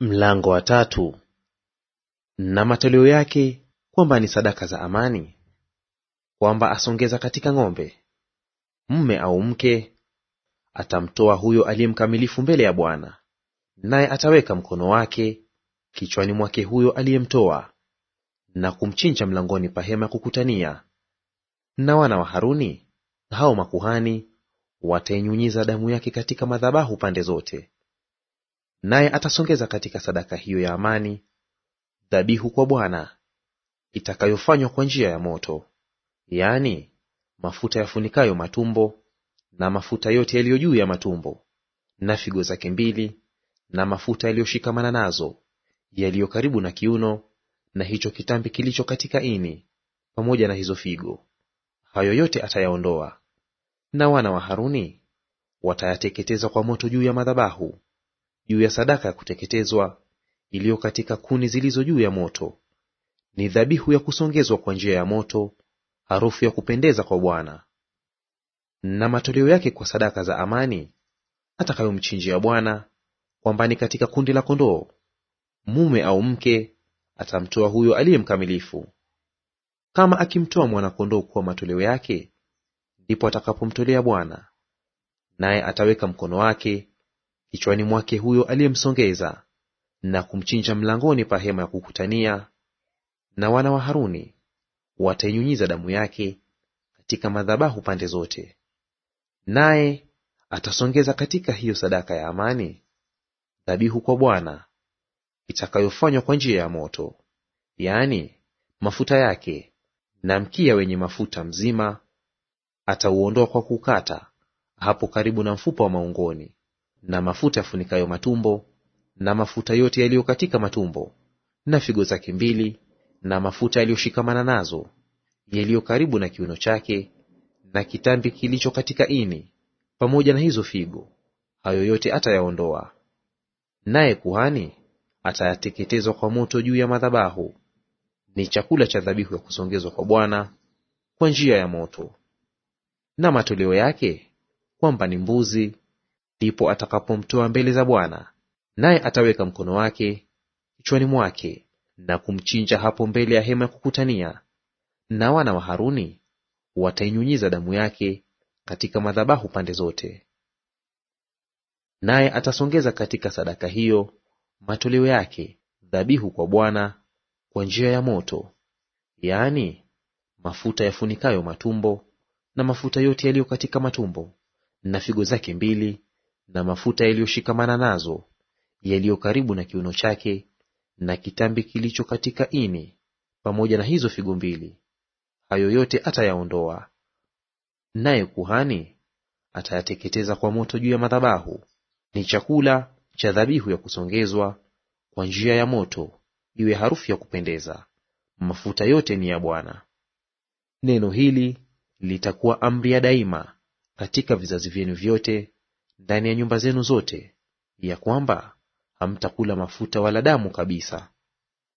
Mlango wa tatu. Na matoleo yake kwamba ni sadaka za amani, kwamba asongeza katika ng'ombe, mme au mke atamtoa huyo aliye mkamilifu mbele ya Bwana, naye ataweka mkono wake kichwani mwake huyo aliyemtoa na kumchinja mlangoni pa hema ya kukutania. Na wana wa Haruni hao makuhani watainyunyiza damu yake katika madhabahu pande zote naye atasongeza katika sadaka hiyo ya amani dhabihu kwa Bwana itakayofanywa kwa njia ya moto, yaani mafuta yafunikayo matumbo na mafuta yote yaliyo juu ya matumbo na figo zake mbili na mafuta yaliyoshikamana nazo yaliyo karibu na kiuno na hicho kitambi kilicho katika ini pamoja na hizo figo. Hayo yote atayaondoa. Na wana wa Haruni watayateketeza kwa moto juu ya madhabahu juu ya sadaka ya kuteketezwa iliyo katika kuni zilizo juu ya moto; ni dhabihu ya kusongezwa kwa njia ya moto, harufu ya kupendeza kwa Bwana. Na matoleo yake kwa sadaka za amani atakayomchinjia Bwana, kwamba ni katika kundi la kondoo, mume au mke atamtoa huyo aliye mkamilifu. Kama akimtoa mwana-kondoo kuwa matoleo yake, ndipo atakapomtolea Bwana, naye ataweka mkono wake kichwani mwake huyo aliyemsongeza na kumchinja mlangoni pa hema ya kukutania, na wana wa Haruni watainyunyiza damu yake katika madhabahu pande zote. Naye atasongeza katika hiyo sadaka ya amani dhabihu kwa Bwana itakayofanywa kwa njia ya moto, yaani mafuta yake, na mkia wenye mafuta mzima atauondoa kwa kukata hapo karibu na mfupa wa maungoni na mafuta yafunikayo matumbo na mafuta yote yaliyo katika matumbo na figo zake mbili na mafuta yaliyoshikamana nazo yaliyo karibu na kiuno chake na kitambi kilicho katika ini pamoja na hizo figo; hayo yote atayaondoa. Naye kuhani atayateketezwa kwa moto juu ya madhabahu; ni chakula cha dhabihu ya kusongezwa kwa Bwana kwa njia ya moto. Na matoleo yake, kwamba ni mbuzi ndipo atakapomtoa mbele za Bwana, naye ataweka mkono wake kichwani mwake na kumchinja hapo mbele ya hema ya kukutania, na wana wa Haruni watainyunyiza damu yake katika madhabahu pande zote. Naye atasongeza katika sadaka hiyo matoleo yake dhabihu kwa Bwana kwa njia ya moto, yaani mafuta yafunikayo matumbo na mafuta yote yaliyo katika matumbo na figo zake mbili na mafuta yaliyoshikamana nazo yaliyo karibu na kiuno chake na kitambi kilicho katika ini pamoja na hizo figo mbili. Hayo yote atayaondoa. Naye kuhani atayateketeza kwa moto juu ya madhabahu; ni chakula cha dhabihu ya kusongezwa kwa njia ya moto, iwe harufu ya kupendeza. Mafuta yote ni ya Bwana. Neno hili litakuwa amri ya daima katika vizazi vyenu vyote ndani ya nyumba zenu zote, ya kwamba hamtakula mafuta wala damu kabisa.